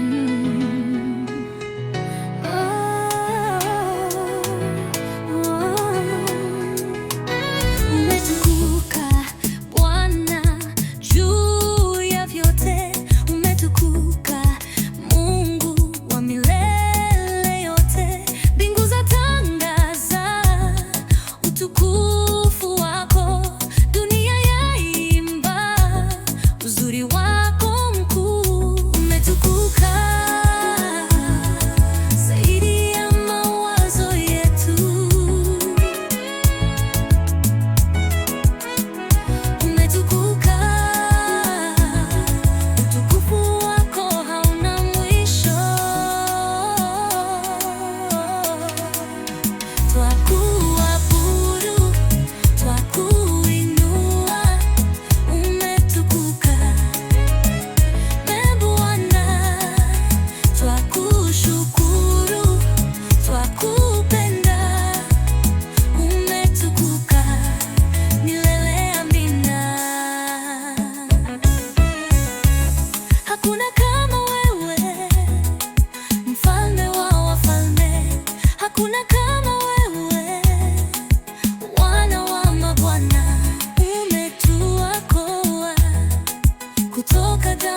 mm-hmm.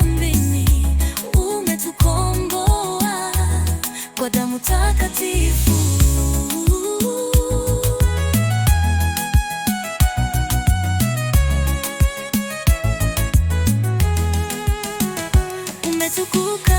mbinguni umetukomboa kwa damu takatifu. Umetukuka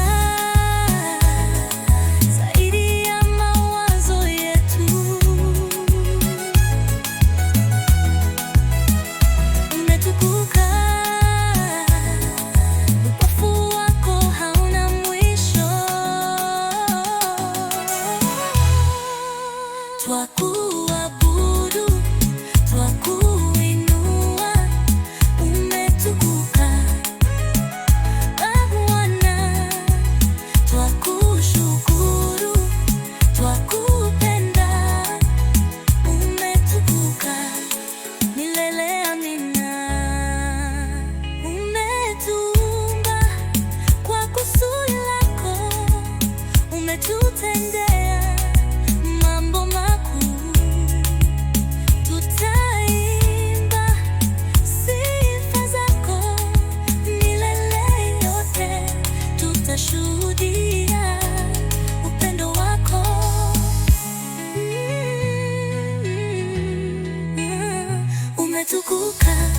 做顾客。